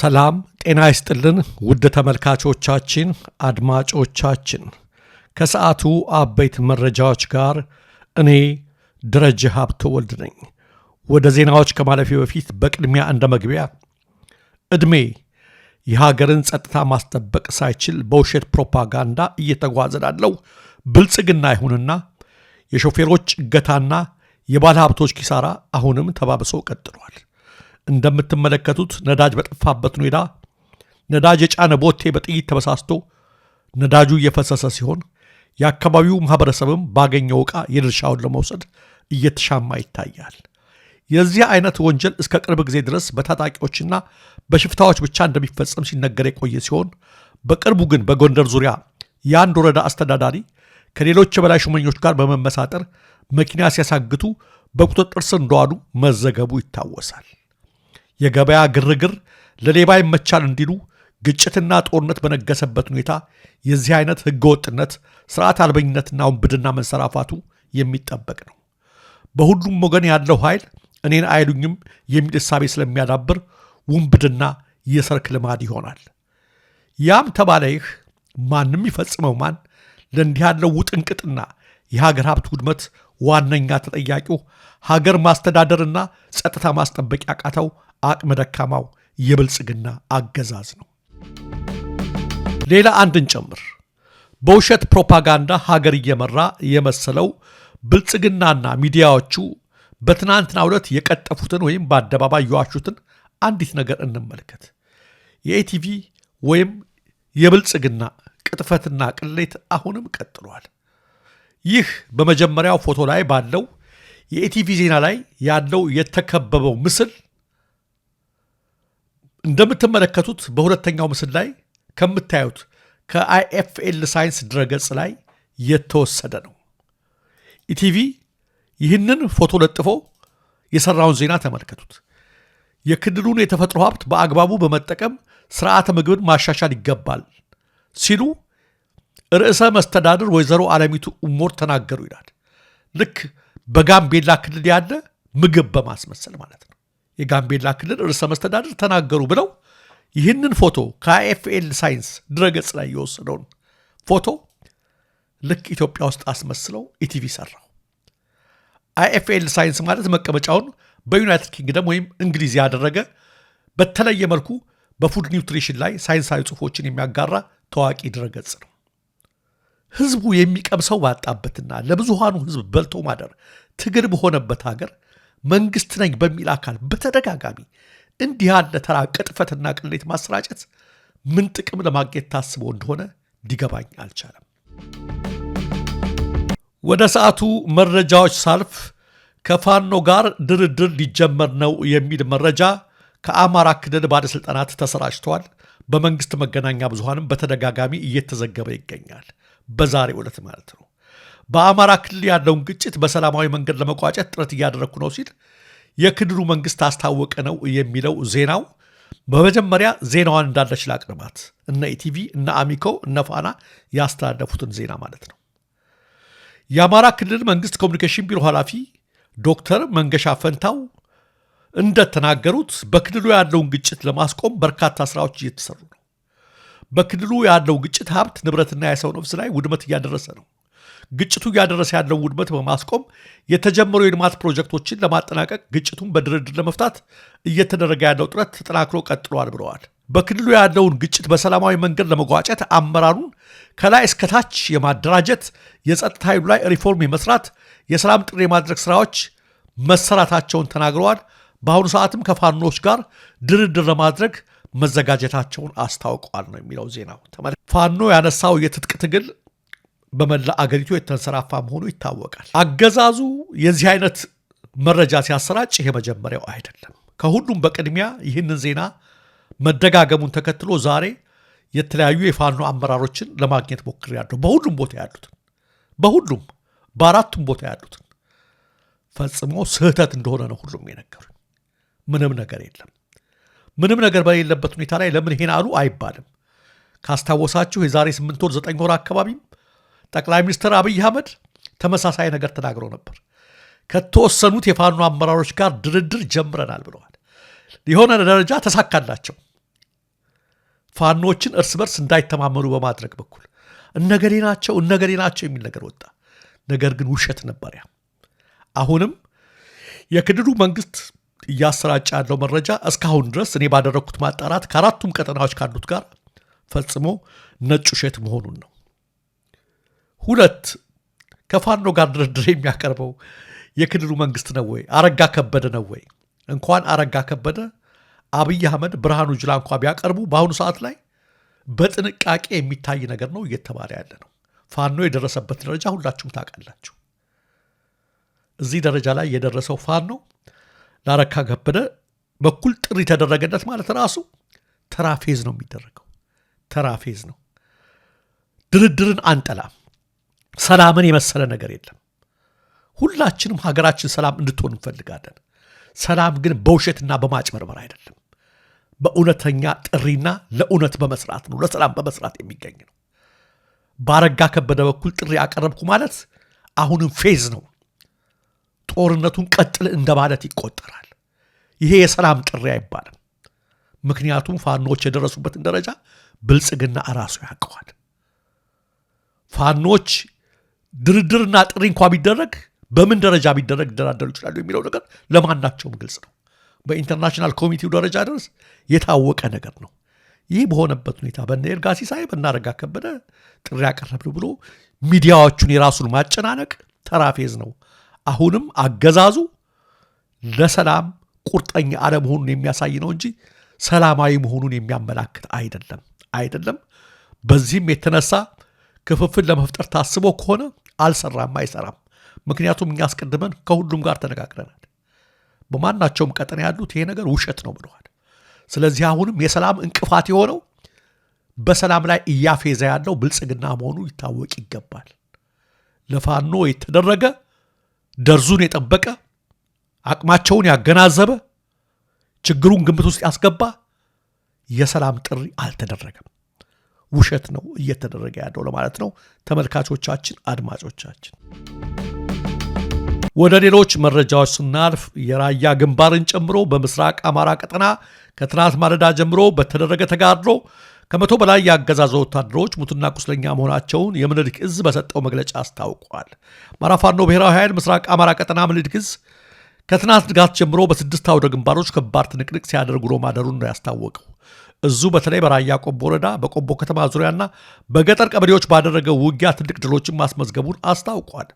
ሰላም ጤና ይስጥልን ውድ ተመልካቾቻችን፣ አድማጮቻችን ከሰዓቱ አበይት መረጃዎች ጋር እኔ ደረጀ ሀብተ ወልድ ነኝ። ወደ ዜናዎች ከማለፊ በፊት በቅድሚያ እንደ መግቢያ ዕድሜ የሀገርን ጸጥታ ማስጠበቅ ሳይችል በውሸት ፕሮፓጋንዳ እየተጓዘዳለው ብልጽግና ይሁንና የሾፌሮች እገታና የባለ ሀብቶች ኪሳራ አሁንም ተባብሰው ቀጥሏል። እንደምትመለከቱት ነዳጅ በጠፋበት ሁኔታ ነዳጅ የጫነ ቦቴ በጥይት ተበሳስቶ ነዳጁ እየፈሰሰ ሲሆን የአካባቢው ማኅበረሰብም ባገኘው ዕቃ የድርሻውን ለመውሰድ እየተሻማ ይታያል። የዚህ አይነት ወንጀል እስከ ቅርብ ጊዜ ድረስ በታጣቂዎችና በሽፍታዎች ብቻ እንደሚፈጸም ሲነገር የቆየ ሲሆን በቅርቡ ግን በጎንደር ዙሪያ የአንድ ወረዳ አስተዳዳሪ ከሌሎች የበላይ ሹመኞች ጋር በመመሳጠር መኪና ሲያሳግቱ በቁጥጥር ስር እንደዋሉ መዘገቡ ይታወሳል። የገበያ ግርግር ለሌባ ይመቻል እንዲሉ ግጭትና ጦርነት በነገሰበት ሁኔታ የዚህ አይነት ህገወጥነት ስርዓት አልበኝነትና ውንብድና መንሰራፋቱ የሚጠበቅ ነው። በሁሉም ወገን ያለው ኃይል እኔን አይሉኝም የሚል እሳቤ ስለሚያዳብር ውንብድና የሰርክ ልማድ ይሆናል። ያም ተባለ ይህ ማንም ይፈጽመው ማን ለእንዲህ ያለው ውጥንቅጥና የሀገር ሀብት ውድመት ዋነኛ ተጠያቂው ሀገር ማስተዳደርና ጸጥታ ማስጠበቅ ያቃተው አቅመ ደካማው የብልጽግና አገዛዝ ነው። ሌላ አንድን ጨምር በውሸት ፕሮፓጋንዳ ሀገር እየመራ የመሰለው ብልጽግናና ሚዲያዎቹ በትናንትና ዕለት የቀጠፉትን ወይም በአደባባይ የዋሹትን አንዲት ነገር እንመልከት። የኢቲቪ ወይም የብልጽግና ቅጥፈትና ቅሌት አሁንም ቀጥሏል። ይህ በመጀመሪያው ፎቶ ላይ ባለው የኢቲቪ ዜና ላይ ያለው የተከበበው ምስል እንደምትመለከቱት በሁለተኛው ምስል ላይ ከምታዩት ከአይኤፍኤል ሳይንስ ድረገጽ ላይ የተወሰደ ነው። ኢቲቪ ይህንን ፎቶ ለጥፎ የሰራውን ዜና ተመልከቱት። የክልሉን የተፈጥሮ ሀብት በአግባቡ በመጠቀም ስርዓተ ምግብን ማሻሻል ይገባል ሲሉ ርዕሰ መስተዳድር ወይዘሮ አለሚቱ ኡሞር ተናገሩ ይላል። ልክ በጋምቤላ ክልል ያለ ምግብ በማስመሰል ማለት ነው። የጋምቤላ ክልል ርዕሰ መስተዳድር ተናገሩ ብለው ይህንን ፎቶ ከአይኤፍኤል ሳይንስ ድረገጽ ላይ የወሰደውን ፎቶ ልክ ኢትዮጵያ ውስጥ አስመስለው ኢቲቪ ሰራው። አይኤፍኤል ሳይንስ ማለት መቀመጫውን በዩናይትድ ኪንግደም ወይም እንግሊዝ ያደረገ በተለየ መልኩ በፉድ ኒውትሪሽን ላይ ሳይንሳዊ ጽሑፎችን የሚያጋራ ታዋቂ ድረገጽ ነው። ህዝቡ የሚቀምሰው ባጣበትና ለብዙሃኑ ህዝብ በልቶ ማደር ትግል በሆነበት ሀገር መንግስት ነኝ በሚል አካል በተደጋጋሚ እንዲህ ያለ ተራ ቅጥፈትና ቅሌት ማሰራጨት ምን ጥቅም ለማግኘት ታስቦ እንደሆነ ሊገባኝ አልቻለም። ወደ ሰዓቱ መረጃዎች ሳልፍ ከፋኖ ጋር ድርድር ሊጀመር ነው የሚል መረጃ ከአማራ ክልል ባለሥልጣናት ተሰራጭተዋል። በመንግስት መገናኛ ብዙሃንም በተደጋጋሚ እየተዘገበ ይገኛል። በዛሬ ዕለት ማለት ነው። በአማራ ክልል ያለውን ግጭት በሰላማዊ መንገድ ለመቋጨት ጥረት እያደረግኩ ነው ሲል የክልሉ መንግስት አስታወቀ ነው የሚለው ዜናው። በመጀመሪያ ዜናዋን እንዳለች ላቅርባት። እነ ኢቲቪ እነ አሚኮ እነ ፋና ያስተላለፉትን ዜና ማለት ነው። የአማራ ክልል መንግስት ኮሚኒኬሽን ቢሮ ኃላፊ ዶክተር መንገሻ ፈንታው እንደተናገሩት በክልሉ ያለውን ግጭት ለማስቆም በርካታ ስራዎች እየተሰሩ ነው። በክልሉ ያለው ግጭት ሀብት ንብረትና የሰው ነፍስ ላይ ውድመት እያደረሰ ነው። ግጭቱ እያደረሰ ያለው ውድመት በማስቆም የተጀመሩ የልማት ፕሮጀክቶችን ለማጠናቀቅ ግጭቱን በድርድር ለመፍታት እየተደረገ ያለው ጥረት ተጠናክሮ ቀጥሏል ብለዋል። በክልሉ ያለውን ግጭት በሰላማዊ መንገድ ለመጓጨት አመራሩን ከላይ እስከታች የማደራጀት፣ የጸጥታ ኃይሉ ላይ ሪፎርም የመስራት፣ የሰላም ጥሪ የማድረግ ስራዎች መሰራታቸውን ተናግረዋል። በአሁኑ ሰዓትም ከፋኖች ጋር ድርድር ለማድረግ መዘጋጀታቸውን አስታውቀዋል ነው የሚለው ዜናው። ፋኖ ያነሳው የትጥቅ ትግል በመላ አገሪቱ የተንሰራፋ መሆኑ ይታወቃል። አገዛዙ የዚህ አይነት መረጃ ሲያሰራጭ ይሄ መጀመሪያው አይደለም። ከሁሉም በቅድሚያ ይህንን ዜና መደጋገሙን ተከትሎ ዛሬ የተለያዩ የፋኖ አመራሮችን ለማግኘት ሞክሬያለሁ። በሁሉም ቦታ ያሉትን በሁሉም በአራቱም ቦታ ያሉትን ፈጽሞ ስህተት እንደሆነ ነው ሁሉም የነገሩኝ። ምንም ነገር የለም። ምንም ነገር በሌለበት ሁኔታ ላይ ለምን ይሄን አሉ አይባልም። ካስታወሳችሁ የዛሬ ስምንት ወር ዘጠኝ ወር አካባቢም ጠቅላይ ሚኒስትር አብይ አህመድ ተመሳሳይ ነገር ተናግሮ ነበር። ከተወሰኑት የፋኖ አመራሮች ጋር ድርድር ጀምረናል ብለዋል። የሆነ ደረጃ ተሳካላቸው። ፋኖችን እርስ በርስ እንዳይተማመኑ በማድረግ በኩል እነገሌ ናቸው እነገሌ ናቸው የሚል ነገር ወጣ። ነገር ግን ውሸት ነበር። ያ አሁንም የክልሉ መንግስት እያሰራጨ ያለው መረጃ እስካሁን ድረስ እኔ ባደረግኩት ማጣራት ከአራቱም ቀጠናዎች ካሉት ጋር ፈጽሞ ነጭ ውሸት መሆኑን ነው። ሁለት ከፋኖ ጋር ድርድር የሚያቀርበው የክልሉ መንግስት ነው ወይ? አረጋ ከበደ ነው ወይ? እንኳን አረጋ ከበደ አብይ አህመድ ብርሃኑ ጅላ እንኳ ቢያቀርቡ በአሁኑ ሰዓት ላይ በጥንቃቄ የሚታይ ነገር ነው እየተባለ ያለ ነው። ፋኖ የደረሰበት ደረጃ ሁላችሁም ታውቃላችሁ። እዚህ ደረጃ ላይ የደረሰው ፋኖ ለአረካ ከበደ በኩል ጥሪ ተደረገለት ማለት ራሱ ተራፌዝ ነው የሚደረገው። ተራፌዝ ነው። ድርድርን አንጠላም። ሰላምን የመሰለ ነገር የለም። ሁላችንም ሀገራችን ሰላም እንድትሆን እንፈልጋለን። ሰላም ግን በውሸትና በማጭበርበር አይደለም፣ በእውነተኛ ጥሪና ለእውነት በመስራት ነው፣ ለሰላም በመስራት የሚገኝ ነው። ባረጋ ከበደ በኩል ጥሪ አቀረብኩ ማለት አሁንም ፌዝ ነው፣ ጦርነቱን ቀጥል እንደማለት ይቆጠራል። ይሄ የሰላም ጥሪ አይባልም። ምክንያቱም ፋኖዎች የደረሱበትን ደረጃ ብልጽግና እራሱ ያውቀዋል። ፋኖች ድርድርና ጥሪ እንኳ ቢደረግ በምን ደረጃ ቢደረግ ይደራደሩ ይችላሉ የሚለው ነገር ለማናቸውም ግልጽ ነው። በኢንተርናሽናል ኮሚቴው ደረጃ ድረስ የታወቀ ነገር ነው። ይህ በሆነበት ሁኔታ በነ ኤርጋ ሲሳይ በናረጋ ከበደ ጥሪ ያቀረብን ብሎ ሚዲያዎቹን የራሱን ማጨናነቅ ተራፌዝ ነው። አሁንም አገዛዙ ለሰላም ቁርጠኛ አለመሆኑን የሚያሳይ ነው እንጂ ሰላማዊ መሆኑን የሚያመላክት አይደለም አይደለም። በዚህም የተነሳ ክፍፍል ለመፍጠር ታስቦ ከሆነ አልሰራም፣ አይሰራም። ምክንያቱም እኛ አስቀድመን ከሁሉም ጋር ተነጋግረናል። በማናቸውም ቀጠና ያሉት ይሄ ነገር ውሸት ነው ብለዋል። ስለዚህ አሁንም የሰላም እንቅፋት የሆነው በሰላም ላይ እያፌዘ ያለው ብልጽግና መሆኑ ይታወቅ ይገባል። ለፋኖ የተደረገ ደርዙን የጠበቀ አቅማቸውን ያገናዘበ ችግሩን ግምት ውስጥ ያስገባ የሰላም ጥሪ አልተደረገም። ውሸት ነው እየተደረገ ያለው ለማለት ነው። ተመልካቾቻችን፣ አድማጮቻችን ወደ ሌሎች መረጃዎች ስናልፍ የራያ ግንባርን ጨምሮ በምስራቅ አማራ ቀጠና ከትናንት ማለዳ ጀምሮ በተደረገ ተጋድሎ ከመቶ በላይ የአገዛዙ ወታደሮች ሙትና ቁስለኛ መሆናቸውን የምኒልክ እዝ በሰጠው መግለጫ አስታውቋል። ማራፋኖ ብሔራዊ ኃይል ምስራቅ አማራ ቀጠና ምኒልክ እዝ ከትናንት ንጋት ጀምሮ በስድስት አውደ ግንባሮች ከባድ ትንቅንቅ ሲያደርጉ ነው ማደሩን ነው ያስታወቀው። እዙ በተለይ በራያ ቆቦ ወረዳ በቆቦ ከተማ ዙሪያና በገጠር ቀበሌዎች ባደረገው ውጊያ ትልቅ ድሎችን ማስመዝገቡን አስታውቋል።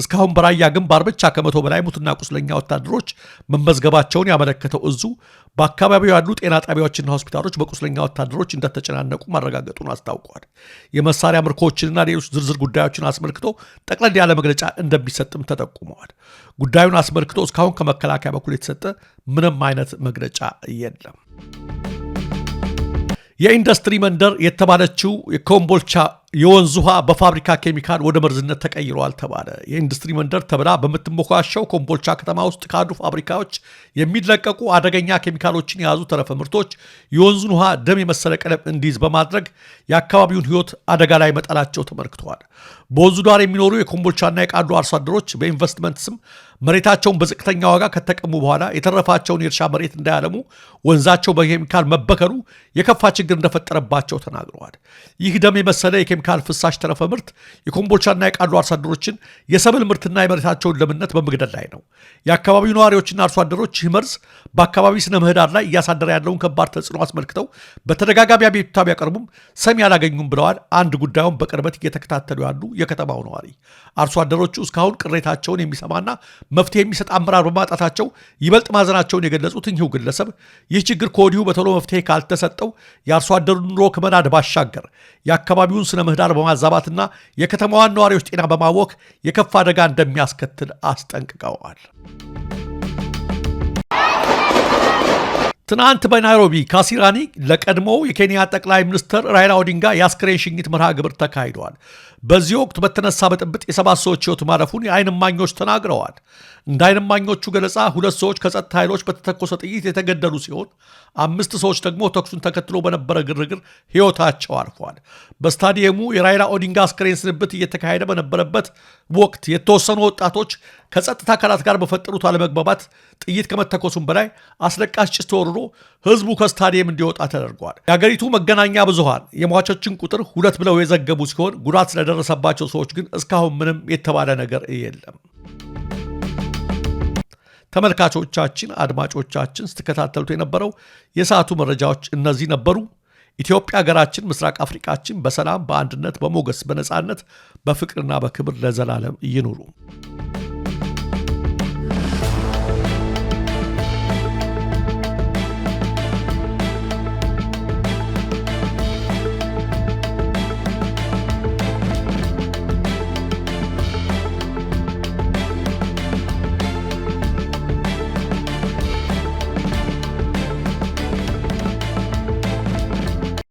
እስካሁን በራያ ግንባር ብቻ ከመቶ በላይ ሙትና ቁስለኛ ወታደሮች መመዝገባቸውን ያመለከተው እዙ በአካባቢው ያሉ ጤና ጣቢያዎችና ሆስፒታሎች በቁስለኛ ወታደሮች እንደተጨናነቁ ማረጋገጡን አስታውቋል። የመሳሪያ ምርኮችንና ሌሎች ዝርዝር ጉዳዮችን አስመልክቶ ጠቅለል ያለ መግለጫ እንደሚሰጥም ተጠቁመዋል። ጉዳዩን አስመልክቶ እስካሁን ከመከላከያ በኩል የተሰጠ ምንም አይነት መግለጫ የለም። የኢንዱስትሪ መንደር የተባለችው የኮምቦልቻ የወንዝ ውሃ በፋብሪካ ኬሚካል ወደ መርዝነት ተቀይረዋል ተባለ። የኢንዱስትሪ መንደር ተብላ በምትሞካሸው ኮምቦልቻ ከተማ ውስጥ ካሉ ፋብሪካዎች የሚለቀቁ አደገኛ ኬሚካሎችን የያዙ ተረፈ ምርቶች የወንዙን ውሃ ደም የመሰለ ቀለም እንዲይዝ በማድረግ የአካባቢውን ሕይወት አደጋ ላይ መጣላቸው ተመልክተዋል። በወንዙ ዳር የሚኖሩ የኮምቦልቻና የቃሉ አርሶ አደሮች በኢንቨስትመንት ስም መሬታቸውን በዝቅተኛ ዋጋ ከተቀሙ በኋላ የተረፋቸውን የእርሻ መሬት እንዳያለሙ ወንዛቸው በኬሚካል መበከሉ የከፋ ችግር እንደፈጠረባቸው ተናግረዋል። ይህ ደም የመሰለ የኬሚካል ፍሳሽ ተረፈ ምርት የኮምቦልቻና የቃሉ አርሶ አደሮችን የሰብል ምርትና የመሬታቸውን ለምነት በመግደል ላይ ነው። የአካባቢው ነዋሪዎችና አርሶ አደሮች ይህ መርዝ በአካባቢ ስነ ምህዳር ላይ እያሳደረ ያለውን ከባድ ተጽዕኖ አስመልክተው በተደጋጋሚ አቤቱታ ቢያቀርቡም ሰሚ አላገኙም ብለዋል። አንድ ጉዳዩን በቅርበት እየተከታተሉ ያሉ የከተማው ነዋሪ አርሶ አደሮቹ እስካሁን ቅሬታቸውን የሚሰማና መፍትሄ የሚሰጥ አመራር በማጣታቸው ይበልጥ ማዘናቸውን የገለጹት እኚሁ ግለሰብ ይህ ችግር ከወዲሁ በቶሎ መፍትሄ ካልተሰጠው የአርሶ አደሩን ኑሮ ከመናድ ባሻገር የአካባቢውን ስነ ምህዳር በማዛባትና የከተማዋን ነዋሪዎች ጤና በማወክ የከፍ አደጋ እንደሚያስከትል አስጠንቅቀዋል። ትናንት በናይሮቢ ካሲራኒ ለቀድሞው የኬንያ ጠቅላይ ሚኒስትር ራይላ ኦዲንጋ የአስክሬን ሽኝት መርሃ ግብር ተካሂደዋል። በዚህ ወቅት በተነሳ ብጥብጥ የሰባት ሰዎች ሕይወት ማረፉን የአይን እማኞች ተናግረዋል። እንደ አይን እማኞቹ ገለጻ ሁለት ሰዎች ከጸጥታ ኃይሎች በተተኮሰ ጥይት የተገደሉ ሲሆን አምስት ሰዎች ደግሞ ተኩሱን ተከትሎ በነበረ ግርግር ሕይወታቸው አርፏል። በስታዲየሙ የራይላ ኦዲንጋ አስከሬን ስንብት እየተካሄደ በነበረበት ወቅት የተወሰኑ ወጣቶች ከጸጥታ አካላት ጋር በፈጠሩት አለመግባባት ጥይት ከመተኮሱም በላይ አስለቃሽ ጭስ ተወርሮ ህዝቡ ከስታዲየም እንዲወጣ ተደርጓል። የአገሪቱ መገናኛ ብዙሃን የሟቾችን ቁጥር ሁለት ብለው የዘገቡ ሲሆን ጉዳት ለደረሰባቸው ሰዎች ግን እስካሁን ምንም የተባለ ነገር የለም። ተመልካቾቻችን፣ አድማጮቻችን ስትከታተሉት የነበረው የሰዓቱ መረጃዎች እነዚህ ነበሩ። ኢትዮጵያ ሀገራችን፣ ምስራቅ አፍሪካችን በሰላም በአንድነት፣ በሞገስ፣ በነፃነት፣ በፍቅርና በክብር ለዘላለም ይኑሩ።